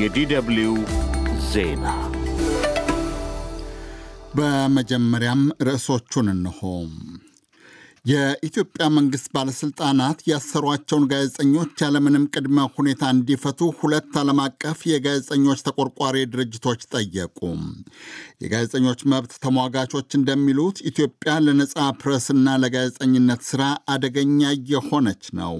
የዲደብልዩ ዜና በመጀመሪያም ርዕሶቹን እንሆ። የኢትዮጵያ መንግሥት ባለሥልጣናት ያሰሯቸውን ጋዜጠኞች ያለምንም ቅድመ ሁኔታ እንዲፈቱ ሁለት ዓለም አቀፍ የጋዜጠኞች ተቆርቋሪ ድርጅቶች ጠየቁ። የጋዜጠኞች መብት ተሟጋቾች እንደሚሉት ኢትዮጵያ ለነፃ ፕረስና ለጋዜጠኝነት ሥራ አደገኛ የሆነች ነው።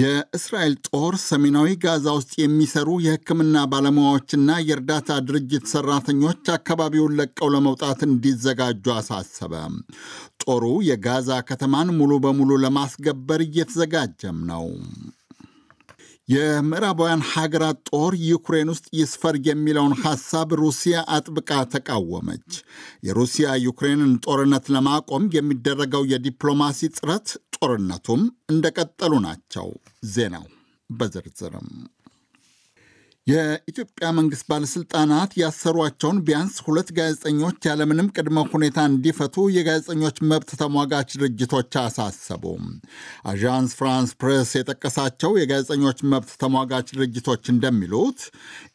የእስራኤል ጦር ሰሜናዊ ጋዛ ውስጥ የሚሰሩ የሕክምና ባለሙያዎችና የእርዳታ ድርጅት ሰራተኞች አካባቢውን ለቀው ለመውጣት እንዲዘጋጁ አሳሰበ። ጦሩ የጋዛ ከተማን ሙሉ በሙሉ ለማስገበር እየተዘጋጀም ነው። የምዕራባውያን ሀገራት ጦር ዩክሬን ውስጥ ይስፈር የሚለውን ሐሳብ ሩሲያ አጥብቃ ተቃወመች። የሩሲያ ዩክሬንን ጦርነት ለማቆም የሚደረገው የዲፕሎማሲ ጥረት ጦርነቱም እንደቀጠሉ ናቸው። ዜናው በዝርዝርም የኢትዮጵያ መንግስት ባለስልጣናት ያሰሯቸውን ቢያንስ ሁለት ጋዜጠኞች ያለምንም ቅድመ ሁኔታ እንዲፈቱ የጋዜጠኞች መብት ተሟጋች ድርጅቶች አሳሰቡ። አዣንስ ፍራንስ ፕሬስ የጠቀሳቸው የጋዜጠኞች መብት ተሟጋች ድርጅቶች እንደሚሉት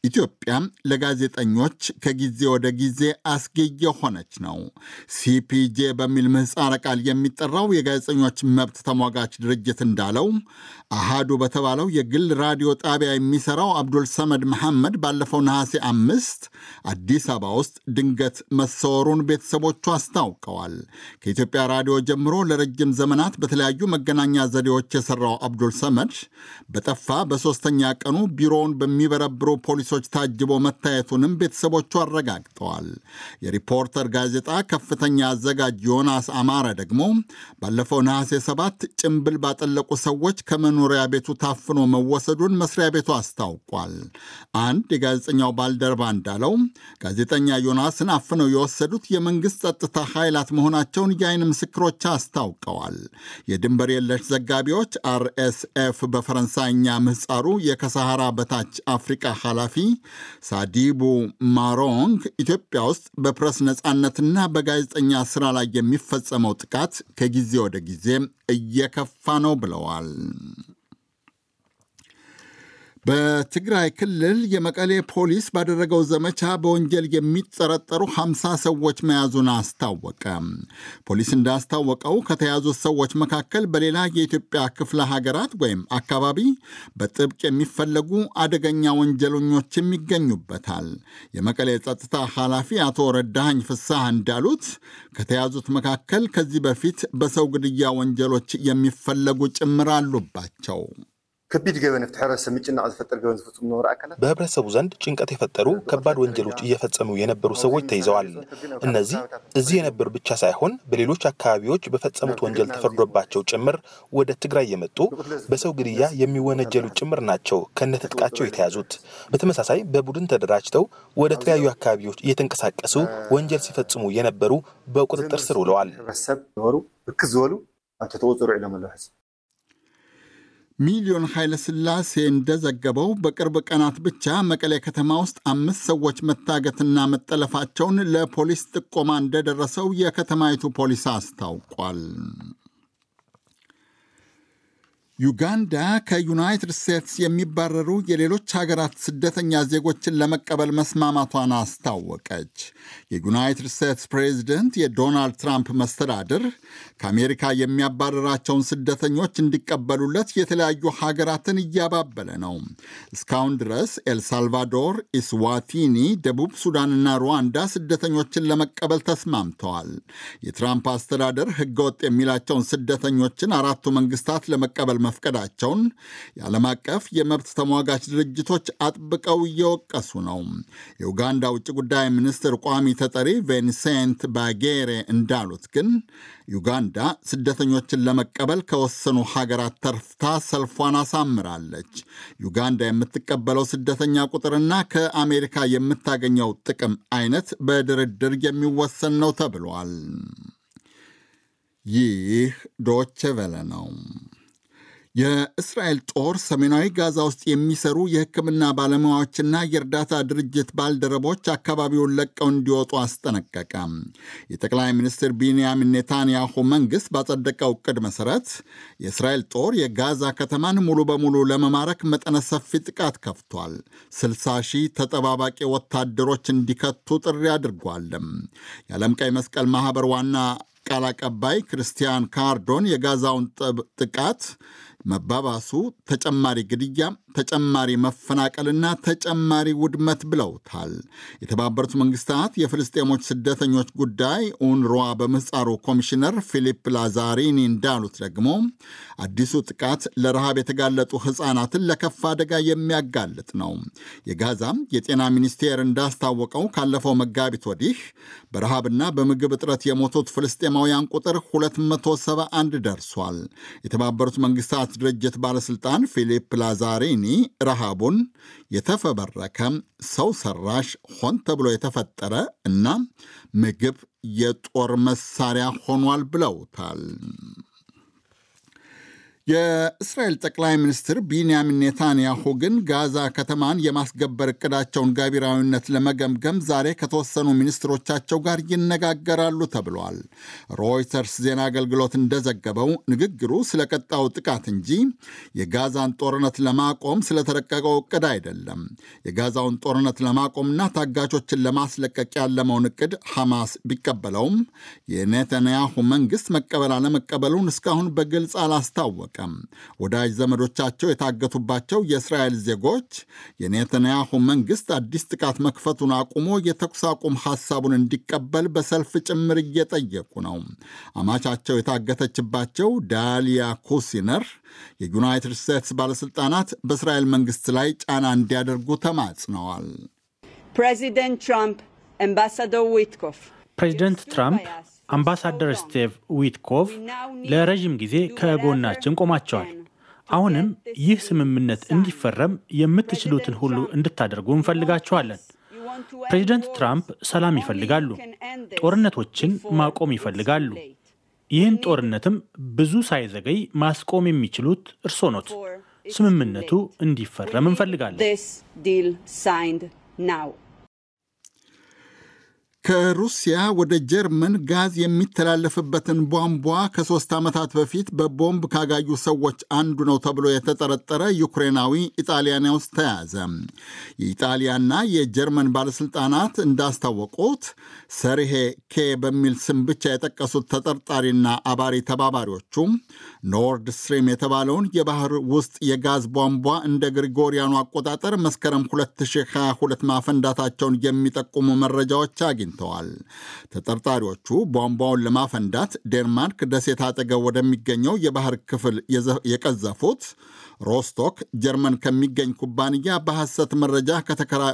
ኢትዮጵያ ለጋዜጠኞች ከጊዜ ወደ ጊዜ አስጊ የሆነች ነው። ሲፒጄ በሚል ምህጻረ ቃል የሚጠራው የጋዜጠኞች መብት ተሟጋች ድርጅት እንዳለው አሃዱ በተባለው የግል ራዲዮ ጣቢያ የሚሰራው አብዱል ሰመድ አህመድ መሐመድ ባለፈው ነሐሴ አምስት አዲስ አበባ ውስጥ ድንገት መሰወሩን ቤተሰቦቹ አስታውቀዋል። ከኢትዮጵያ ራዲዮ ጀምሮ ለረጅም ዘመናት በተለያዩ መገናኛ ዘዴዎች የሠራው አብዱል ሰመድ በጠፋ በሦስተኛ ቀኑ ቢሮውን በሚበረብሩ ፖሊሶች ታጅቦ መታየቱንም ቤተሰቦቹ አረጋግጠዋል። የሪፖርተር ጋዜጣ ከፍተኛ አዘጋጅ ዮናስ አማረ ደግሞ ባለፈው ነሐሴ ሰባት ጭምብል ባጠለቁ ሰዎች ከመኖሪያ ቤቱ ታፍኖ መወሰዱን መስሪያ ቤቱ አስታውቋል። አንድ የጋዜጠኛው ባልደረባ እንዳለው ጋዜጠኛ ዮናስን አፍነው የወሰዱት የመንግስት ጸጥታ ኃይላት መሆናቸውን የአይን ምስክሮች አስታውቀዋል። የድንበር የለሽ ዘጋቢዎች አርኤስኤፍ በፈረንሳይኛ ምህጻሩ የከሰሃራ በታች አፍሪቃ ኃላፊ ሳዲቡ ማሮንግ ኢትዮጵያ ውስጥ በፕረስ ነፃነትና በጋዜጠኛ ስራ ላይ የሚፈጸመው ጥቃት ከጊዜ ወደ ጊዜ እየከፋ ነው ብለዋል። በትግራይ ክልል የመቀሌ ፖሊስ ባደረገው ዘመቻ በወንጀል የሚጠረጠሩ 50 ሰዎች መያዙን አስታወቀ። ፖሊስ እንዳስታወቀው ከተያዙት ሰዎች መካከል በሌላ የኢትዮጵያ ክፍለ ሀገራት ወይም አካባቢ በጥብቅ የሚፈለጉ አደገኛ ወንጀለኞችም ይገኙበታል። የመቀሌ ጸጥታ ኃላፊ አቶ ረዳኸኝ ፍሳህ እንዳሉት ከተያዙት መካከል ከዚህ በፊት በሰው ግድያ ወንጀሎች የሚፈለጉ ጭምር አሉባቸው። ከቢድ ገበን ፍቲ ሕብረተሰብ ዝፈጠር ገበን ዝፍፅሙ ዝነበሩ ኣካላት በህብረተሰቡ ዘንድ ጭንቀት የፈጠሩ ከባድ ወንጀሎች እየፈጸሙ የነበሩ ሰዎች ተይዘዋል። እነዚህ እዚህ የነበሩ ብቻ ሳይሆን በሌሎች አካባቢዎች በፈጸሙት ወንጀል ተፈርዶባቸው ጭምር ወደ ትግራይ የመጡ በሰው ግድያ የሚወነጀሉ ጭምር ናቸው ከነትጥቃቸው የተያዙት። በተመሳሳይ በቡድን ተደራጅተው ወደ ተለያዩ አካባቢዎች እየተንቀሳቀሱ ወንጀል ሲፈጽሙ የነበሩ በቁጥጥር ስር ውለዋል። ሚሊዮን ኃይለ ስላሴ እንደዘገበው በቅርብ ቀናት ብቻ መቀሌ ከተማ ውስጥ አምስት ሰዎች መታገትና መጠለፋቸውን ለፖሊስ ጥቆማ እንደደረሰው የከተማይቱ ፖሊስ አስታውቋል። ዩጋንዳ ከዩናይትድ ስቴትስ የሚባረሩ የሌሎች ሀገራት ስደተኛ ዜጎችን ለመቀበል መስማማቷን አስታወቀች። የዩናይትድ ስቴትስ ፕሬዚደንት የዶናልድ ትራምፕ መስተዳድር ከአሜሪካ የሚያባረራቸውን ስደተኞች እንዲቀበሉለት የተለያዩ ሀገራትን እያባበለ ነው። እስካሁን ድረስ ኤልሳልቫዶር፣ ኢስዋቲኒ፣ ደቡብ ሱዳንና ሩዋንዳ ስደተኞችን ለመቀበል ተስማምተዋል። የትራምፕ አስተዳደር ህገወጥ የሚላቸውን ስደተኞችን አራቱ መንግስታት ለመቀበል መፍቀዳቸውን የዓለም አቀፍ የመብት ተሟጋች ድርጅቶች አጥብቀው እየወቀሱ ነው። የኡጋንዳ ውጭ ጉዳይ ሚኒስትር ቋሚ ተጠሪ ቬንሴንት ባጌሬ እንዳሉት ግን ዩጋንዳ ስደተኞችን ለመቀበል ከወሰኑ ሀገራት ተርፍታ ሰልፏን አሳምራለች። ዩጋንዳ የምትቀበለው ስደተኛ ቁጥርና ከአሜሪካ የምታገኘው ጥቅም አይነት በድርድር የሚወሰን ነው ተብሏል። ይህ ዶቼ ቬለ ነው። የእስራኤል ጦር ሰሜናዊ ጋዛ ውስጥ የሚሰሩ የሕክምና ባለሙያዎችና የእርዳታ ድርጅት ባልደረቦች አካባቢውን ለቀው እንዲወጡ አስጠነቀቀ። የጠቅላይ ሚኒስትር ቢንያሚን ኔታንያሁ መንግስት ባጸደቀው ቅድ መሰረት የእስራኤል ጦር የጋዛ ከተማን ሙሉ በሙሉ ለመማረክ መጠነ ሰፊ ጥቃት ከፍቷል። 60 ሺህ ተጠባባቂ ወታደሮች እንዲከቱ ጥሪ አድርጓል። የዓለም ቀይ መስቀል ማህበር ዋና ቃል አቀባይ ክርስቲያን ካርዶን የጋዛውን ጥቃት መባባሱ ተጨማሪ ግድያ፣ ተጨማሪ መፈናቀልና ተጨማሪ ውድመት ብለውታል። የተባበሩት መንግስታት የፍልስጤሞች ስደተኞች ጉዳይ ኡንሯ በምህጻሩ ኮሚሽነር ፊሊፕ ላዛሪኒ እንዳሉት ደግሞ አዲሱ ጥቃት ለረሃብ የተጋለጡ ሕፃናትን ለከፍ አደጋ የሚያጋልጥ ነው። የጋዛም የጤና ሚኒስቴር እንዳስታወቀው ካለፈው መጋቢት ወዲህ በረሃብና በምግብ እጥረት የሞቱት ፍልስጤማውያን ቁጥር 271 ደርሷል። የተባበሩት መንግስታት የመንግሥታት ድርጅት ባለሥልጣን ፊሊፕ ላዛሪኒ ረሃቡን የተፈበረከ ሰው ሰራሽ ሆን ተብሎ የተፈጠረ እና ምግብ የጦር መሳሪያ ሆኗል ብለውታል። የእስራኤል ጠቅላይ ሚኒስትር ቢንያሚን ኔታንያሁ ግን ጋዛ ከተማን የማስገበር እቅዳቸውን ገቢራዊነት ለመገምገም ዛሬ ከተወሰኑ ሚኒስትሮቻቸው ጋር ይነጋገራሉ ተብሏል። ሮይተርስ ዜና አገልግሎት እንደዘገበው ንግግሩ ስለ ቀጣው ጥቃት እንጂ የጋዛን ጦርነት ለማቆም ስለተረቀቀው እቅድ አይደለም። የጋዛውን ጦርነት ለማቆምና ታጋቾችን ለማስለቀቅ ያለመውን እቅድ ሐማስ ቢቀበለውም የኔታንያሁ መንግስት መቀበል አለመቀበሉን እስካሁን በግልጽ አላስታወቀም። አልታወቀም። ወዳጅ ዘመዶቻቸው የታገቱባቸው የእስራኤል ዜጎች የኔተንያሁ መንግሥት አዲስ ጥቃት መክፈቱን አቁሞ የተኩስ አቁም ሐሳቡን እንዲቀበል በሰልፍ ጭምር እየጠየቁ ነው። አማቻቸው የታገተችባቸው ዳሊያ ኩሲነር የዩናይትድ ስቴትስ ባለሥልጣናት በእስራኤል መንግሥት ላይ ጫና እንዲያደርጉ ተማጽነዋል። ፕሬዚደንት ትራምፕ አምባሳደር ዊትኮፍ ፕሬዚደንት ትራምፕ አምባሳደር ስቴቭ ዊትኮቭ ለረዥም ጊዜ ከጎናችን ቆማቸዋል። አሁንም ይህ ስምምነት እንዲፈረም የምትችሉትን ሁሉ እንድታደርጉ እንፈልጋችኋለን። ፕሬዚደንት ትራምፕ ሰላም ይፈልጋሉ፣ ጦርነቶችን ማቆም ይፈልጋሉ። ይህን ጦርነትም ብዙ ሳይዘገይ ማስቆም የሚችሉት እርሶ ኖት። ስምምነቱ እንዲፈረም እንፈልጋለን። ከሩሲያ ወደ ጀርመን ጋዝ የሚተላለፍበትን ቧንቧ ከሶስት ዓመታት በፊት በቦምብ ካጋዩ ሰዎች አንዱ ነው ተብሎ የተጠረጠረ ዩክሬናዊ ኢጣሊያና ውስጥ ተያዘ። የኢጣሊያና የጀርመን ባለሥልጣናት እንዳስታወቁት ሰርሄ ኬ በሚል ስም ብቻ የጠቀሱት ተጠርጣሪና አባሪ ተባባሪዎቹ ኖርድ ስትሪም የተባለውን የባህር ውስጥ የጋዝ ቧንቧ እንደ ግሪጎሪያኑ አቆጣጠር መስከረም 2022 ማፈንዳታቸውን የሚጠቁሙ መረጃዎች አግኝ አግኝተዋል። ተጠርጣሪዎቹ ቧንቧውን ለማፈንዳት ዴንማርክ ደሴት አጠገብ ወደሚገኘው የባህር ክፍል የቀዘፉት ሮስቶክ ጀርመን ከሚገኝ ኩባንያ በሐሰት መረጃ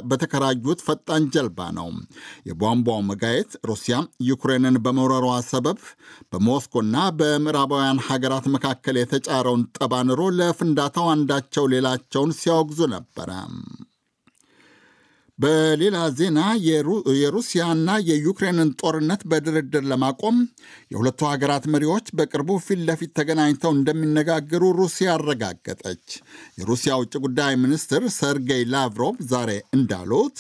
በተከራዩት ፈጣን ጀልባ ነው። የቧንቧው መጋየት ሩሲያ ዩክሬንን በመውረሯ ሰበብ በሞስኮና በምዕራባውያን ሀገራት መካከል የተጫረውን ጠባንሮ ለፍንዳታው አንዳቸው ሌላቸውን ሲያወግዙ ነበረ። በሌላ ዜና የሩሲያና የዩክሬንን ጦርነት በድርድር ለማቆም የሁለቱ ሀገራት መሪዎች በቅርቡ ፊት ለፊት ተገናኝተው እንደሚነጋገሩ ሩሲያ አረጋገጠች። የሩሲያ ውጭ ጉዳይ ሚኒስትር ሰርጌይ ላቭሮቭ ዛሬ እንዳሉት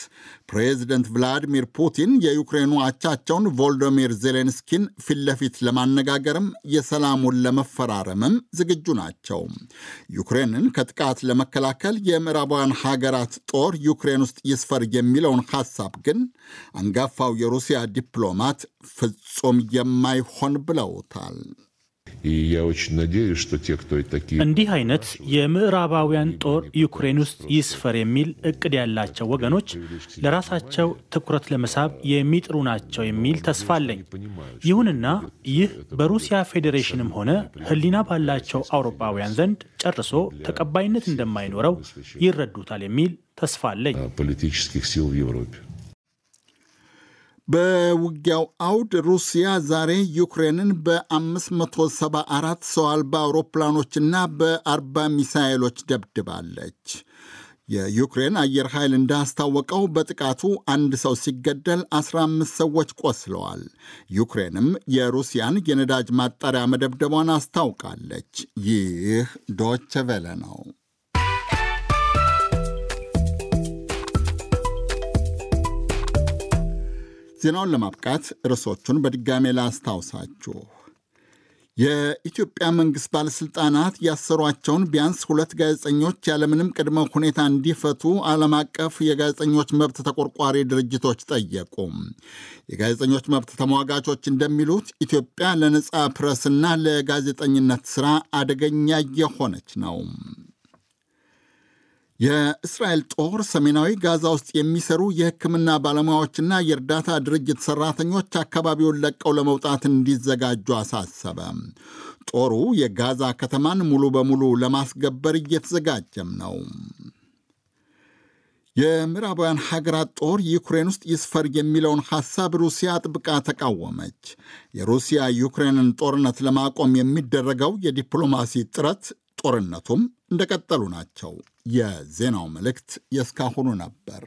ፕሬዚደንት ቭላዲሚር ፑቲን የዩክሬኑ አቻቸውን ቮልዶሚር ዜሌንስኪን ፊት ለፊት ለማነጋገርም የሰላሙን ለመፈራረምም ዝግጁ ናቸው። ዩክሬንን ከጥቃት ለመከላከል የምዕራባውያን ሀገራት ጦር ዩክሬን ውስጥ ይስፈር የሚለውን ሐሳብ ግን አንጋፋው የሩሲያ ዲፕሎማት ፍጹም የማይሆን ብለውታል። እንዲህ አይነት የምዕራባውያን ጦር ዩክሬን ውስጥ ይስፈር የሚል እቅድ ያላቸው ወገኖች ለራሳቸው ትኩረት ለመሳብ የሚጥሩ ናቸው የሚል ተስፋ አለኝ። ይሁንና ይህ በሩሲያ ፌዴሬሽንም ሆነ ሕሊና ባላቸው አውሮፓውያን ዘንድ ጨርሶ ተቀባይነት እንደማይኖረው ይረዱታል የሚል ተስፋ አለኝ። በውጊያው አውድ ሩሲያ ዛሬ ዩክሬንን በ574 ሰው አልባ አውሮፕላኖችና በ40 ሚሳኤሎች ደብድባለች። የዩክሬን አየር ኃይል እንዳስታወቀው በጥቃቱ አንድ ሰው ሲገደል 15 ሰዎች ቆስለዋል። ዩክሬንም የሩሲያን የነዳጅ ማጣሪያ መደብደቧን አስታውቃለች። ይህ ዶቸ ነው። ዜናውን ለማብቃት ርዕሶቹን በድጋሜ ላስታውሳችሁ። የኢትዮጵያ መንግሥት ባለሥልጣናት ያሰሯቸውን ቢያንስ ሁለት ጋዜጠኞች ያለምንም ቅድመ ሁኔታ እንዲፈቱ ዓለም አቀፍ የጋዜጠኞች መብት ተቆርቋሪ ድርጅቶች ጠየቁ። የጋዜጠኞች መብት ተሟጋቾች እንደሚሉት ኢትዮጵያ ለነጻ ፕረስና ለጋዜጠኝነት ሥራ አደገኛ የሆነች ነው። የእስራኤል ጦር ሰሜናዊ ጋዛ ውስጥ የሚሰሩ የሕክምና ባለሙያዎችና የእርዳታ ድርጅት ሰራተኞች አካባቢውን ለቀው ለመውጣት እንዲዘጋጁ አሳሰበ። ጦሩ የጋዛ ከተማን ሙሉ በሙሉ ለማስገበር እየተዘጋጀም ነው። የምዕራባውያን ሀገራት ጦር ዩክሬን ውስጥ ይስፈር የሚለውን ሐሳብ ሩሲያ ጥብቃ ተቃወመች። የሩሲያ ዩክሬንን ጦርነት ለማቆም የሚደረገው የዲፕሎማሲ ጥረት ጦርነቱም እንደቀጠሉ ናቸው። የዜናው መልእክት የእስካሁኑ ነበር።